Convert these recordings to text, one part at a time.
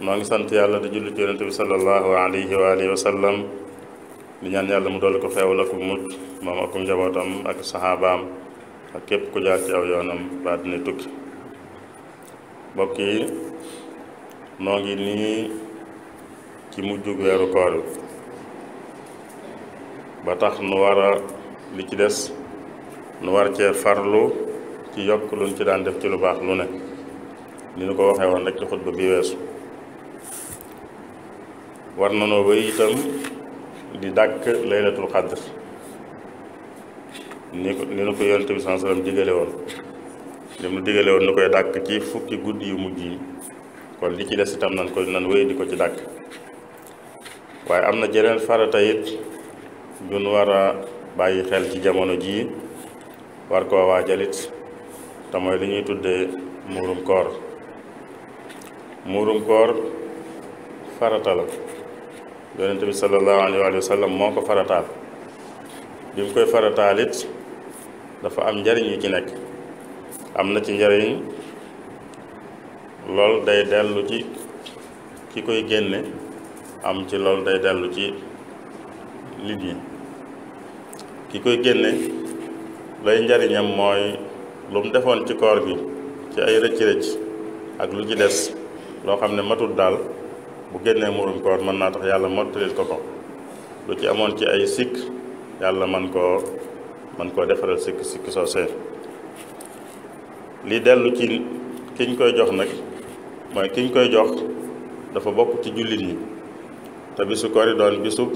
mangi sante yalla di julli ci yonente bi sallallahu alayhi wa alihi wa sallam di ñaan yalla mu dolli ko feewal ak mucc moom ak njabootam ak saxaabaam ak képp ku jaar ci aw yoonam ba dina tukki bokki yi noo ngi nii ci mujjug koor ba tax nu wara li ci dess nu war ci farlu ci luñ ci daan def ci lu baax lu ne ni ñu ko waxe won rek ci khutba bi wessu war nanoo ba itam di dàkk laylatul xadr ni ko ni nu ko yonent bi sallallahu digale woon li mu digale woon nu koy dàkk ci fukki guddi yu mujj yi kon li ci des itam nan ko nan wéy di ko ci dàkk waaye am na jeneen farata it jun war a bàyyi xel ci jamono jii war koo waajalit te mooy li ñuy tudde muurum koor muurum koor farata la yonente bi sallallahu alayhi wa sallam moo ko farataal bi mu koy farataalit dafa am njariñ yu ci nekk am na ci njariñ lool day dellu ci ki koy génne am ci lool day dellu ci nit ñi ki koy génne lay njariñam mooy lu mu defoon ci koor gi ci ay rëcc rëcc ak lu ci des loo xam ne matul daal bu génnee murum koor mën naa tax yàlla mottalil ko ko lu ci amoon ci ay sikk yàlla man koo man koo defaral sikk sikk soosee li dellu ci kiñ koy jox nag mooy kiñ koy jox dafa bokk ci jullit yi te bisu ko yi doon bisub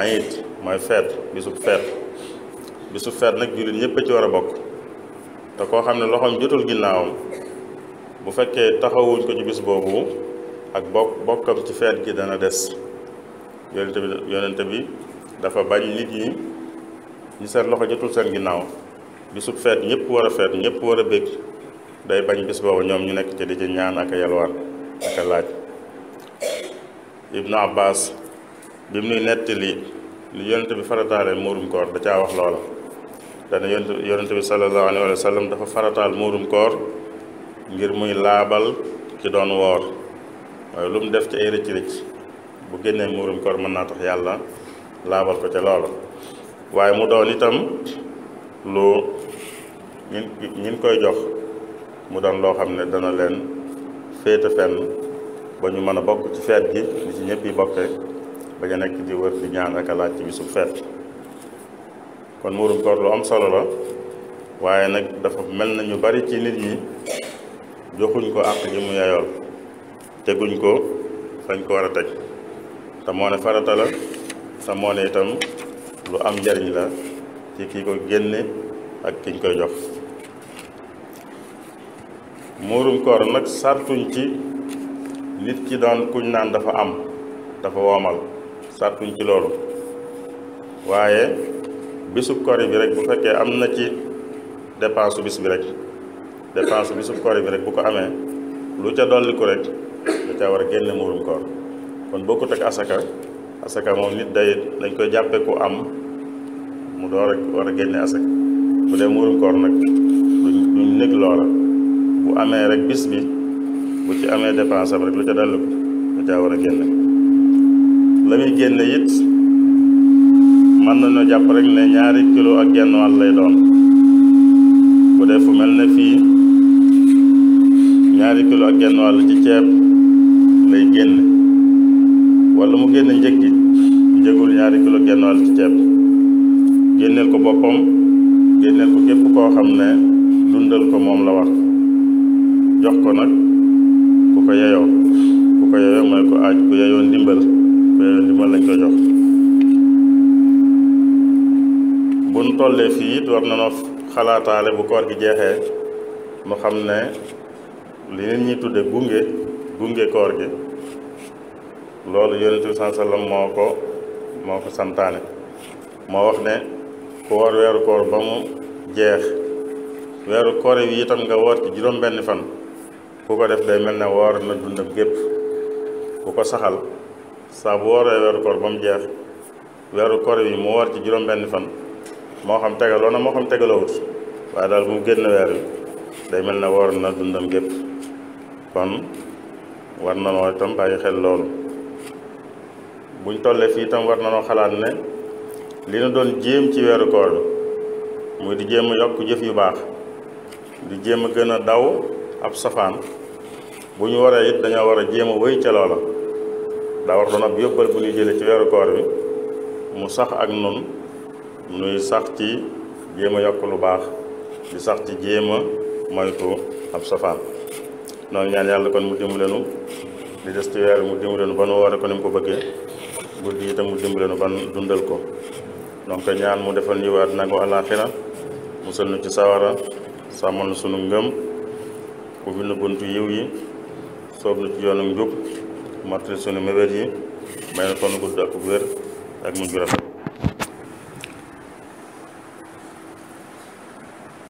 ayit mooy feet bisub feet bisub feet nag jullit ñëpp a ci war a bokk te koo xam ne loxoom jotul ginnaawam bu fekkee taxawuñ ko ci bis boobu ak bokk bokkam ci fete gi dana dess yonent bi yonent bi dafa bañ nit ñi ñu seen loxo jotul seen ginnaaw bisub fete ñëpp wara fete ñëpp wara bekk day bañ bis bobu ñom ñu nekk ci di ci ñaan ak a yalwaan ak laaj ibnu abbas bi mu nuy nettali li yonent bi farataale murum koor da ca wax lool dana yonent yonente bi sallallahu alaihi wasallam dafa farataal murum koor ngir muy laabal ci doon woor mooy lu mu def ci ay rëcc rëcc bu génnee muurum koor mën naa tax yàlla laabal ko ca loola waaye mu doon itam lu ñin ñin koy jox mu doon loo xam ne dana leen féete fenn ba ñu mën a bokk ci feet gi ni ci ñëpp yi bokkee ba ñu nekk di wër di ñaan ak a laaj ci feet kon muurum koor lu am solo la waaye nag dafa mel na ñu bari ci nit ñi joxuñ ko àq ji mu yeyool teguñ ko fañ ko war a teg te moo ne la te moo itam lu am njariñ la ci kii ko génne ak kiñ koy jox muurum koor nag sartuñ ci nit ki doon kuñ naan dafa am dafa woomal sartuñ ci loolu waaye bisub kori bi rek bu fekkee am na ci dépense bis bi rek dépense bisub kori bi rek bu ko amee lu ca dolliku rek da caa war a génne muurum koor kon bokkut ak asaka asaka moom nit day dañ koy jàppe ku am mu door a war a génne asaka bu dee muurum koor nag duñ duñ loola bu amee rek bis bi bu ci amee dépense am rek lu ca dallu da caa war a génne la muy génne it mën nañoo jàpp rek ne ñaari kilo ak genn wàll lay doon bu dee fu mel na fii ñaari kilo ak genn wàll ci ceeb génne wala mu génne njëg gi njëgul ñaari kilo genn wàll ci ceeb génneel ko boppam génneel ko képp koo xam ne dundal ko moom la wax jox ko nag ku ko yeyoo ku ko yeyoo mooy ku aaj ku yeyoo ndimbal ku yeyoo ndimbal lañ ko jox buñ tollee fii it war nanoo xalaataale bu koor gi jeexee mu xam ne li nit ñi tudde gunge gunge koor gi loolu yonent bi sallallahu sallam moo ko moo ko santaane moo wax ne ku war weeru koor ba mu jeex weeru koor yi itam nga woor ci juróom-benn fan ku ko def day mel ne woor na dundam gépp ku ko saxal saa bu wooree weeru koor ba mu jeex weeru koor yi mu woor ci juróom-benn fan moo xam tegaloo na moo xam tegalowut waaye daal bu mu génn weer wi day mel ne woor na dundam gépp kon war na noo itam bàyyi xel loolu buñ tollee fii tam war na noo xalaat ne li nu doon jéem ci weeru koor bi muy di jéem a yokk jëf yu baax di jéem a gën a daw ab safaan bu ñu waree it dañoo war a jéem a wéy ca loola daa war doon ab yóbbal bu ñuy jëlee ci weeru koor bi mu sax ak nun nuy sax ci jéem a yokk lu baax di sax ci jéem a ab safaan non ñaan yàlla kon mu dimbale nu di des ci mu dimbale ba nu woore ko ni mu ko bëggee guddi itam mu dimbale nu ban dundal ko donc ñaan mu defal ñu waat nag àllaaxira musal nu ci sawara sàmmal nu sunu ngëm ubbi nu buntu yiw yi soob nu ci yoonu njub mattali sunu mébét yi may na kon gudd ak wér ak mu rafet